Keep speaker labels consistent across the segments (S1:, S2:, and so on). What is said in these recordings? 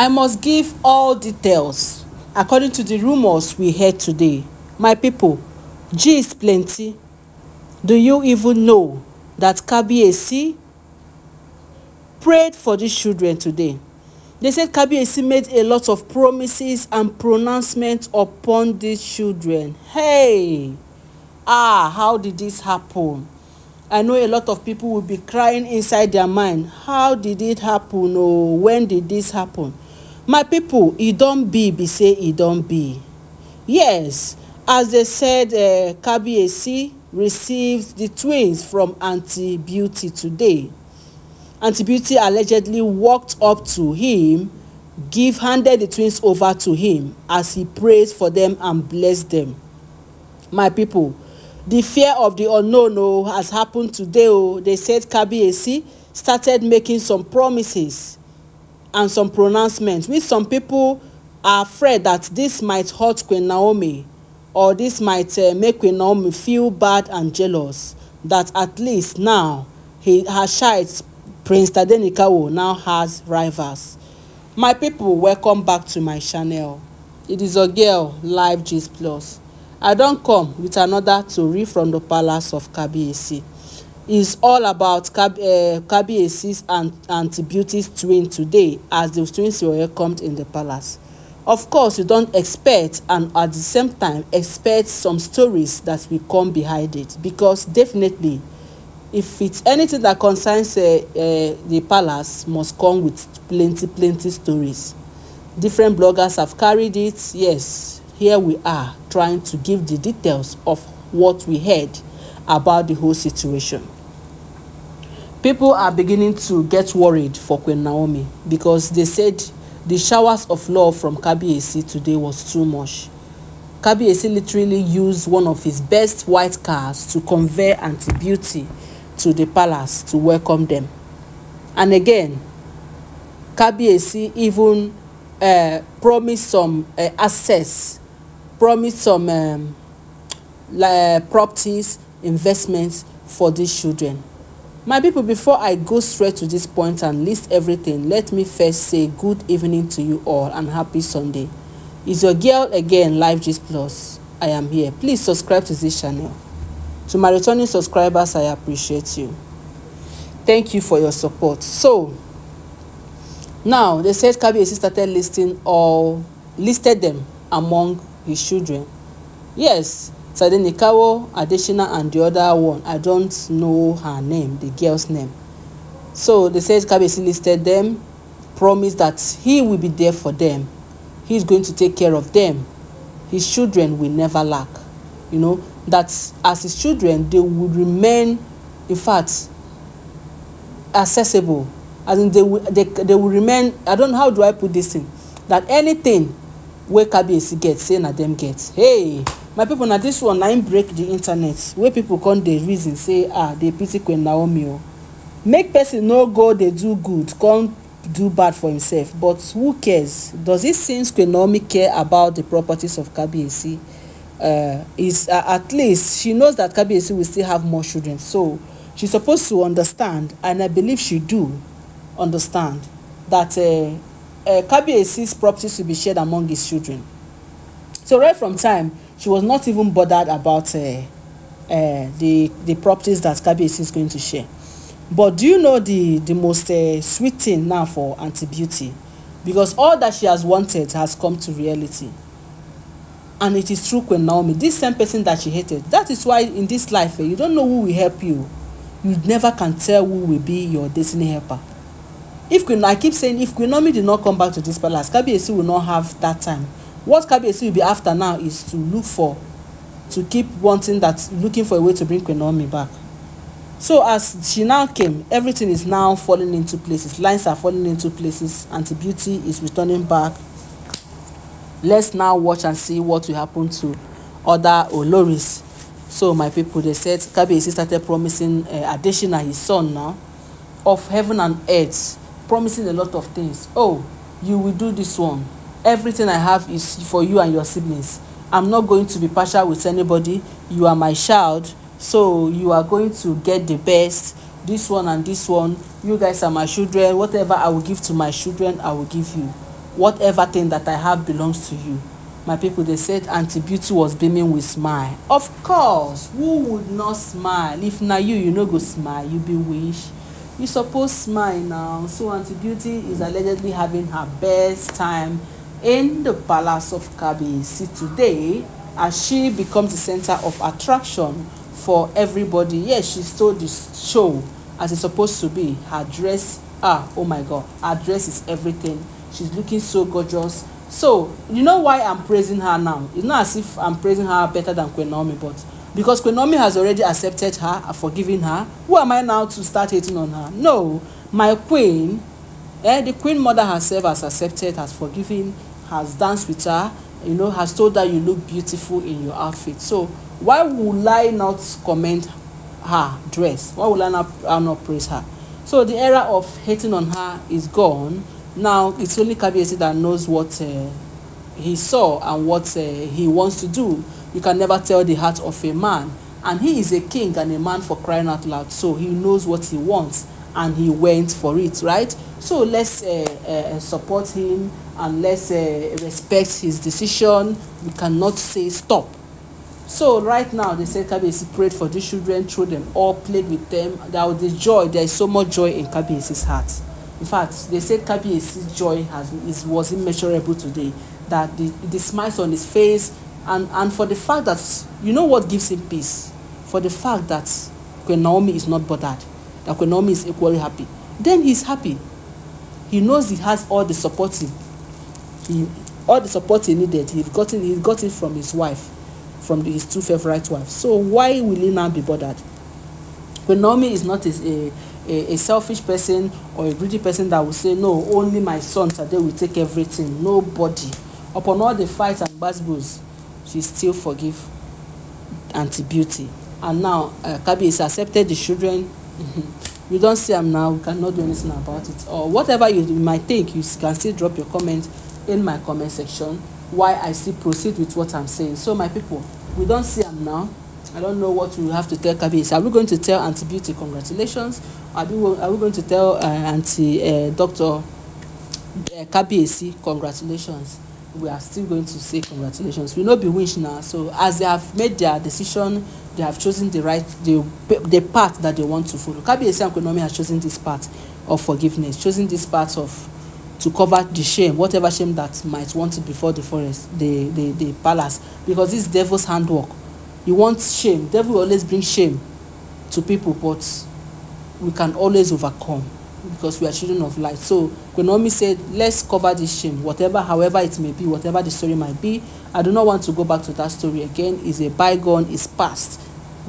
S1: I must give all details according to the rumors we heard today. My people, gist plenty. Do you even know that Kabiyesi prayed for these children today? They said Kabiyesi made a lot of promises and pronouncements upon these children. Hey! Ah, how did this happen? I know a lot of people will be crying inside their mind. How did it happen? Oh, when did this happen? my people, e don be be say e don be yes as they said uh, kabiyesi received the twins from aunty beauty today aunty beauty allegedly walked up to him give handed the twins over to him as he prayed for them and blessed them my people the fear of the unknown oh has happened today oh they said kabiyesi started making some promises and some pronouncements which some people are afraid that this might hurt Queen Naomi or this might uh, make Queen Naomi feel bad and jealous that at least now he, her child Prince Tadenikawo now has rivals. My people, welcome back to my channel. It is your girl, Live Gist Plus. I don come with another tori from the palace of Kabiyesi is all about Kab uh, Kabiesi's and Auntie Beauty's twin today as the twins were welcomed in the palace. Of course, you don't expect and at the same time expect some stories that will come behind it because definitely if it's anything that concerns uh, uh, the palace must come with plenty plenty stories. Different bloggers have carried it. Yes, here we are trying to give the details of what we heard about the whole situation. People are beginning to get worried for Queen Naomi because they said the showers of love from Kabiyesi today was too much. Kabiyesi literally used one of his best white cars to convey anti Beauty to the palace to welcome them. And again, Kabiyesi even uh, promised some uh, access, promised some um, uh, properties, investments for these children. My people, before I go straight to this point and list everything, let me first say good evening to you all and happy Sunday. It's your girl again, Life Gist Plus. I am here. Please subscribe to this channel. To my returning subscribers, I appreciate you. Thank you for your support. So, now they said Kabiyesi started listing all, listed them among his children. Yes, Tadenikawo Adeshina and the other one, I don't know her name, the girl's name. So they said Kabesi listed them, promised that he will be there for them. He's going to take care of them. His children will never lack. You know, that as his children, they will remain, in fact, accessible. As in they will, they, they will remain, I don't know, how do I put this in? That anything where Kabesi gets, say na them gets. Hey! my pipo na dis one na im break di internet wey pipo come. dey reason say ah dey pity queen naomi o oh. make person no go dey do good con do bad for himself but who cares does it seem queen naomi care about the properties of kabiyesi uh, is uh, at least she knows that kabiyesi will still have more children so she suppose to understand and i believe she do understand that uh, uh, kabiyesi's properties will be shared among his children so right from time she was not even bothered about uh, uh, the the properties that Kabiyesi is going to share. But do you know the the most uh, sweet thing now for Auntie Beauty? Because all that she has wanted has come to reality. And it is true Queen Naomi, this same person that she hated. That is why in this life, eh, you don't know who will help you. You never can tell who will be your destiny helper. If Queen, I keep saying, if Queen Naomi did not come back to this palace, Kabiyesi will not have that time what kabiyesi will be after now is to look for to keep wanting that looking for a way to bring queen naomi back so as she now came everything is now falling into places lines are falling into places aunty beauty is returning back let's now watch and see what will happen to other oloris so my people dey said kabiyesi started promising uh, adesina his son now of heaven and earth promising a lot of things oh you will do this one everything i have is for you and your siblings i'm not going to be partial with anybody you are my child so you are going to get the best this one and this one you guys are my children whatever i will give to my children i will give you whatever thing that i have belongs to you my people dey said aunty beauty was beaming with smile of course who would not smile if na you you no go smile you be wish you suppose smile now so aunty beauty is allegedly having her best time in the palace of see today as she becomes the center of attraction for everybody. Yes, she stole the show as it's supposed to be. Her dress, ah, oh my God, her dress is everything. She's looking so gorgeous. So, you know why I'm praising her now? It's not as if I'm praising her better than Queen Naomi, but because Queen Naomi has already accepted her, uh, forgiven her, who am I now to start hating on her? No, my queen, eh, the queen mother herself has accepted, has forgiven, has danced with her, you know, has told her you look beautiful in your outfit. So why would I not comment her dress? Why would I not, I not praise her? So the era of hating on her is gone. Now it's only Kabiyesi that knows what uh, he saw and what uh, he wants to do. You can never tell the heart of a man. And he is a king and a man for crying out loud. So he knows what he wants and he went for it, right? So let's uh, uh, support him and let's uh, respect his decision. We cannot say stop. So right now, they said Kabiyesi prayed for these children, threw them all, played with them. There was the joy. There is so much joy in Kabiyesi's heart. In fact, they said Kabiyesi's joy has, is, was immeasurable today. That the, the smiles on his face and, and for the fact that, you know what gives him peace? For the fact that Queen Naomi is not bothered, that Naomi is equally happy. Then he's happy. he knows he has all the support he, he all the support he needed he gotten he's gotten from his wife from the, his two favorite wives so why will he now be bothered but Naomi is not a a a selfish person or a greedy person that will say no only my son Tade will take everything nobody upon all the fights and gbasgbos she still forgive Aunty Beauty and now uh, has accepted the children you don see am now we cannot do anything about it or whatever you might think you can still drop your comment in my comment section while i still proceed with what i'm saying so my people we don see am now i don't know what we have to tell kabiyesi are we going to tell aunty beauty congratulations are we, are we going to tell uh, aunty uh, doctor uh, kabiyesi congratulations we are still going to say congratulations we no be wish na so as they have made their decision they have chosen the right the the path that they want to follow kabiyesi akonomi has chosen this path of forgiveness chosen this path of to cover the shame whatever shame that might want to before the forest the the the palace because this devils handwork he wants shame devil always bring shame to people but we can always overcome because we are children of light so konomi said let's cover this shame whatever however it may be whatever the story might be i do not want to go back to that story again it's a bygone it's past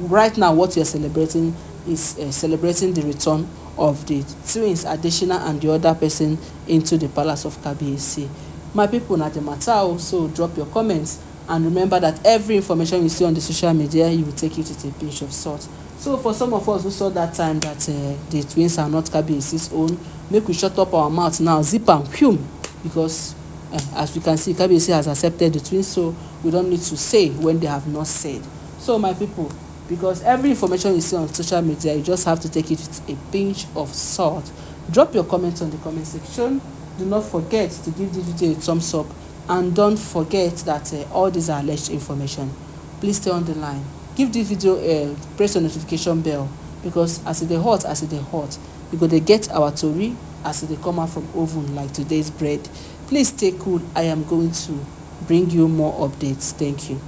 S1: right now what we are celebrating is uh, celebrating the return of the twins Adesina and the other person into the palace of Kabiyesi. My people na the matter o so drop your comments and remember that every information you see on the social media you will take it with a pinch of salt. So for some of us who saw that time that uh, the twins are not Kabiyesi's own make we shut up our mouth now zip am pum because uh, as we can see Kabiyesi has accepted the twins so we don't need to say when they have not said. So my people because every information you see on social media you just have to take it with a pinch of salt drop your comments on the comment section do not forget to give this video a thumbs up and don't forget that uh, all these are alleged information please stay on the line give this video a uh, press the notification bell because as it's hot as it's hot you go get our tori as it come out from oven like today's bread please stay cool i am going to bring you more updates thank you